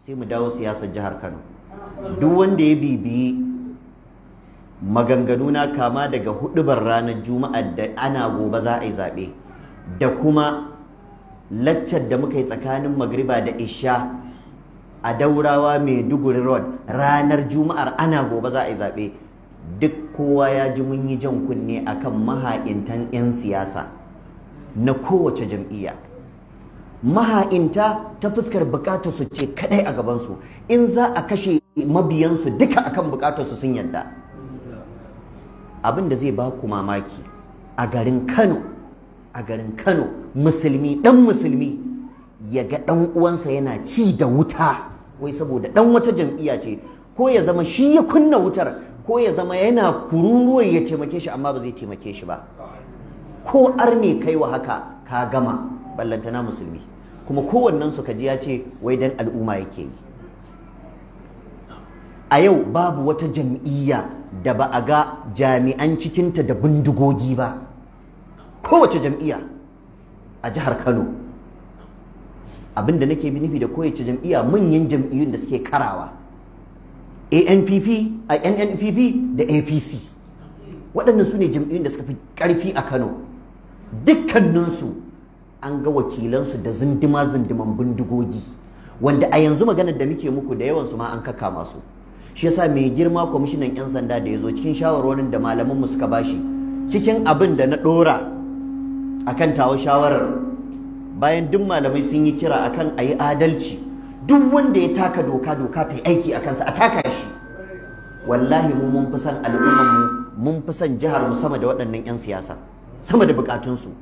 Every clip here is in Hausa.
sai mu dawo siyasar jihar Kano duk wanda ya bibi maganganu na kama daga hudubar ranar juma'a da ana gobe za a yi zaɓe da kuma laccar da muka yi tsakanin magriba da isha a daurawa maiduguri road ranar juma'ar ana gobe za a yi zaɓe duk kowa ya ji mun yi jan kunne akan maha'intan 'yan siyasa na kowace jam'iyya maha'inta ta fuskar bukatar su ce kadai a gabansu in za a kashe mabiyan su duka akan bukatar su sun yarda abin da zai ba ku mamaki a garin Kano a garin Kano musulmi dan musulmi ya ga dan uwansa yana ci da wuta wai saboda dan wata jam'iyya ce ko ya zama shi ya kunna wutar ko ya zama yana kururuwar ya taimake shi amma ba zai taimake shi ba ko ne kai wa haka ka gama ballantana musulmi kuma kowannen su kaji ya ce wai dan al'umma yake yi a yau babu wata jam'iyya da ba a ga jami'an cikinta da bindigogi ba kowace jam'iyya a jihar kano abinda nake bi nufi da kowace jam'iyya manyan jam'iyyun da suke karawa ANPP a NNPP da APC waɗannan su ne jam'iyyun da suka fi ƙarfi a Kano dukkaninsu an ga wakilansu da zindima zindiman bindigogi wanda a yanzu maganar da muke muku da yawansu ma an kaka masu shi yasa mai girma kwamishinan 'yan sanda da ya zo cikin shawarwarin da malamanmu suka bashi cikin abin da na ɗora akan tawo shawarar bayan duk malamai sun yi kira akan a yi adalci duk wanda ya taka doka doka ta yi aiki a kansa a taka shi wallahi mu mun fi son al'ummar mu mun fi son jihar mu sama da waɗannan 'yan siyasa sama da bukatunsu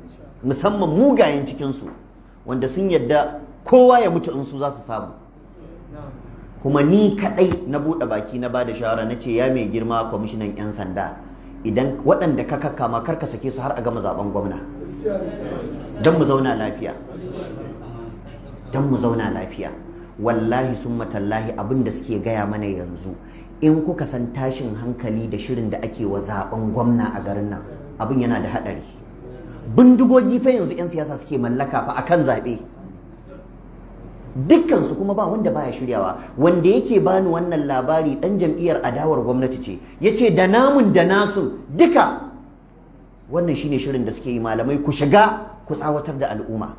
musamman mugayen cikinsu wanda sun yadda kowa ya mutu in su za su samu kuma ni kadai na buɗe baki na bada shawara na ce ya mai girma kwamishinan 'yan sanda idan waɗanda ka kakkama kar ka sake su har a gama zaben gwamna don mu zauna lafiya don mu zauna lafiya wallahi sun matallahi abin da suke gaya mana yanzu in kuka san tashin hankali da shirin da ake wa zaben gwamna a garin nan abin yana da haɗari bindigogi fa yanzu 'yan siyasa suke mallaka fa kan zaɓe dukkansu kuma ba wanda baya shiryawa wanda yake bani wannan labari ɗan jam'iyyar adawar gwamnati ce ya ce da namun da nasu duka wannan shine shirin da suke yi malamai ku shiga ku tsawatar da al'umma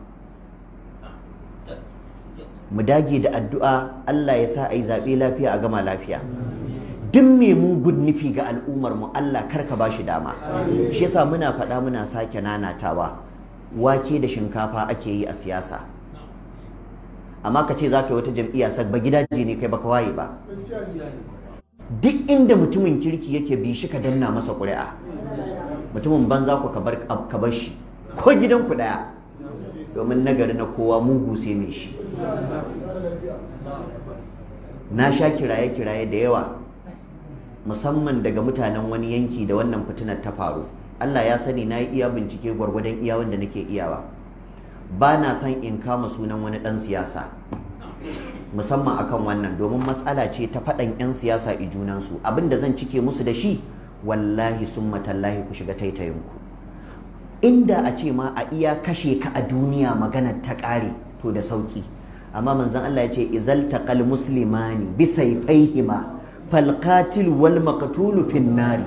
mu dage da addu'a Allah ya sa a yi zaɓe lafiya a gama lafiya duk mai mugun nufi ga al'ummar mu Allah kar ka bashi dama shi yasa muna faɗa muna sake nanatawa wake da shinkafa ake yi a siyasa amma ka ce za ka yi wata jam'iyya sa ba gidaje ne kai baka waye ba duk inda mutumin kirki yake bi shi ka danna masa ƙuri'a mutumin banza ku ka bar shi ko gidan ku ɗaya domin nagari na kowa mugu sai mai shi na sha kiraye-kiraye da yawa musamman daga mutanen wani yanki da wannan fitinar ta faru Allah ya sani na yi iya bincike gwargwadon iya wanda nake iyawa ba na son in kama sunan wani ɗan siyasa musamman akan wannan domin matsala ce ta faɗan 'yan siyasa i junansu abin da zan cike musu da shi wallahi sun matallahi ku shiga taitayinku inda a ce ma a iya kashe ka a duniya maganar ta ƙare to da sauƙi amma manzon Allah ya ce izal taqal muslimani bi sayfayhima falkatil wal maqtulu fin nari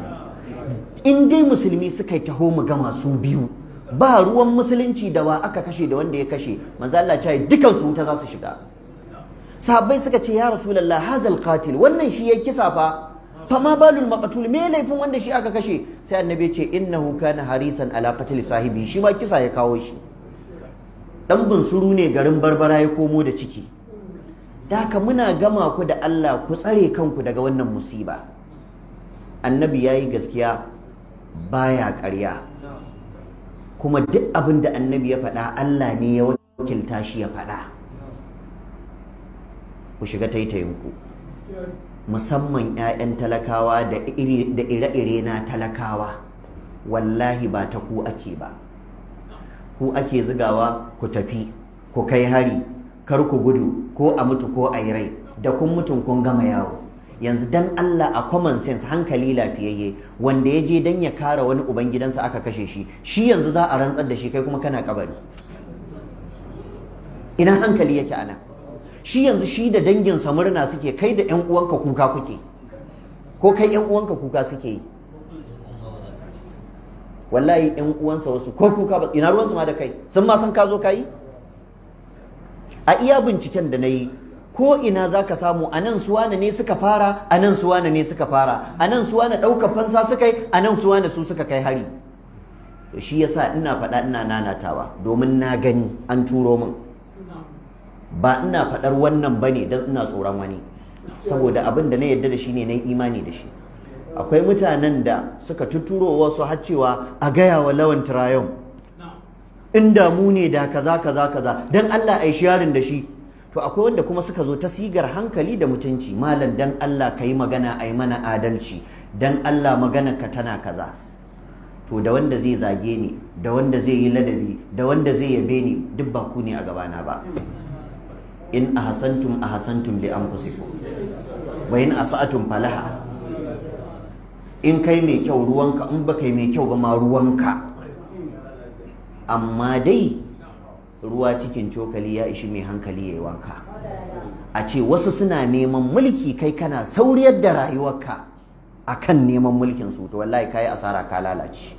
in dai musulmi suka taho mu ga masu biyu ba ruwan musulunci da wa aka kashe da wanda ya kashe manzo Allah ya ce dukan su wuta za su shiga sahabbai suka ce ya rasulullah hazal qatil wannan shi yake kisa fa fama balul maqtul me laifin wanda shi aka kashe sai annabi ya ce innahu kana harisan ala qatil sahibi shi ma kisa ya kawo shi dan bunsuru ne garin barbara ya komo da ciki da haka muna gama ku da Allah ku tsare kanku daga wannan musiba annabi ya yi gaskiya baya karya. kuma duk abin da annabi ya faɗa Allah ne ya wakilta shi ya faɗa ku shiga taitayinku musamman 'ya'yan talakawa da ire-ire na talakawa wallahi ba ta ku ake ba ku ake zigawa ku tafi ku kai hari kar ku gudu ko a mutu ko a yi rai da kun mutun kun gama yawo yanzu dan Allah a common sense hankali lafiyayye wanda ya je dan ya kare wani ubangidansa aka kashe shi shi yanzu za a rantsar da shi kai kuma kana kabari ina hankali yake ana shi yanzu shi da danginsa murna suke kai da 'yan uwanka kuka kuke ko kai 'yan uwanka kuka suke yi wallahi 'yan uwansa wasu ko kuka ba ina ruwansu ma da kai sun ma san ka zo ka yi a iya binciken da na yi ko ina za ka samu a nan suwana ne suka fara a nan suwana ne suka fara a nan suwana ɗaukar fansa suka yi a nan suwana su suka kai hari to shi yasa ina faɗa ina nanatawa domin na gani an turo min ba ina faɗar wannan ba ne don ina tsoron wani saboda abin da na yarda da shi ne na imani da shi akwai mutanen da suka tuturo wasu har a gaya wa lawan tirayon in damu ne da kaza kaza kaza dan Allah ai sharin da shi to akwai wanda kuma suka zo ta sigar hankali da mutunci malam dan Allah ka yi magana ai mana adalci dan Allah magana ka tana kaza to da wanda zai zage ni da wanda zai yi ladabi da wanda zai yabe ni duk ba ku ne a gabana ba in ahsantum ahsantum li anfusikum wa in sa'atun falaha in kai mai kyau ruwanka in ba kai mai kyau ba ma ruwanka amma dai ruwa cikin cokali ya ishi mai hankali ya yi wanka a ce wasu suna neman mulki kai kana sauriyar da rayuwarka akan neman mulkin su to wallahi ka yi asara ka lalace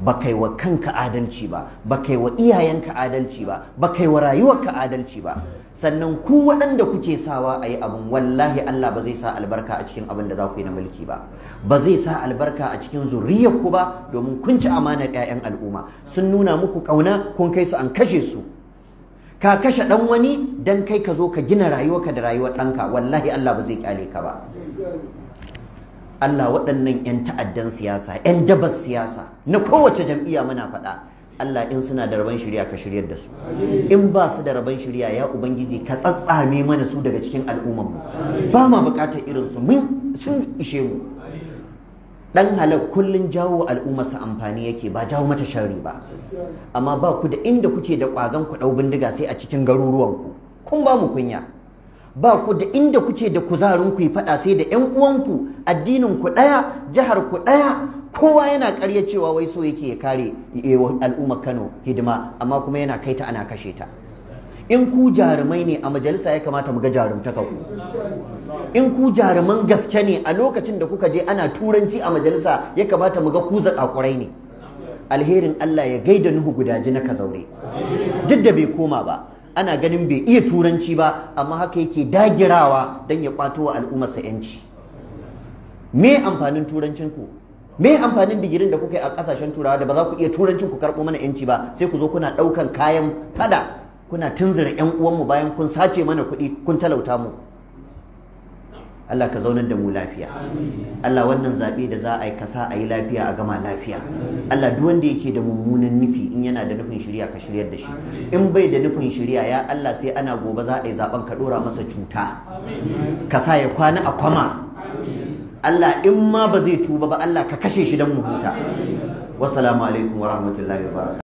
ba kai wa kanka adalci ba ba kai wa iyayenka adalci ba ba kai wa rayuwarka adalci ba sannan ku waɗanda kuke sawa a yi abin wallahi Allah ba zai sa albarka a cikin abin da za ku yi na mulki ba ba zai sa albarka a cikin zuriyar ku ba domin kun ci amanar 'ya'yan al'umma sun nuna muku ƙauna kun kai su an kashe su ka kashe ɗan wani dan kai ka zo ka gina rayuwarka da rayuwar ɗanka wallahi Allah ba zai kyale ka ba Allah waɗannan 'yan ta'addan siyasa 'yan dabar siyasa na kowace jam'iyya muna faɗa Allah in suna da rabon shirya ka shiryar da su in ba su da rabon shirya ya ubangiji ka tsatsame mana su daga cikin al'ummar mu ba ma buƙatar irin su mun sun ishe mu Ɗan halak kullun jawo al'ummarsa amfani yake ba jawo mata sharri ba amma ba ku da inda kuke da ƙwazon ku ɗau bindiga sai a cikin garuruwanku kun ba mu kunya ba ku da inda kuke da kuzarin ku yi faɗa sai da 'yan uwanku addinin ku ɗaya jihar ku ɗaya kowa yana karya cewa wai so yake ya kare eh, al'ummar Kano hidima amma kuma yana kai ta ana kashe ta in ku jarumai ne a majalisa ya kamata mu ga jarumtaka ku in ku jaruman gaske ne a lokacin da kuka je ana turanci a majalisa ya kamata mu ga ku zakakurai ne alherin Allah ya gaida Nuhu gudaji na kazaure duk da bai koma ba ana ganin bai iya turanci ba amma haka yake dagirawa don ya kwato wa al'ummarsa yanci me amfanin turancin ku me amfanin digirin da kuka yi a kasashen turawa da ba za ku iya turancin ku karɓo mana yanci ba sai ku zo kuna ɗaukan kayan fada kuna tunzura 'yan uwanmu bayan kun sace mana kuɗi kun talauta mu Allah ka zaunar da mu lafiya Allah wannan zaɓe da za a yi kasa a yi lafiya a gama lafiya Allah duk wanda yake da mummunan nufi in yana da nufin shirya ka shiryar da shi in bai da nufin shirya ya Allah sai ana gobe za a yi zaɓen ka ɗora masa cuta ka sa ya kwana a kwama Allah in ma ba zai tuba ba Allah ka kashe shi don mu huta wassalamu alaikum wa rahmatullahi wa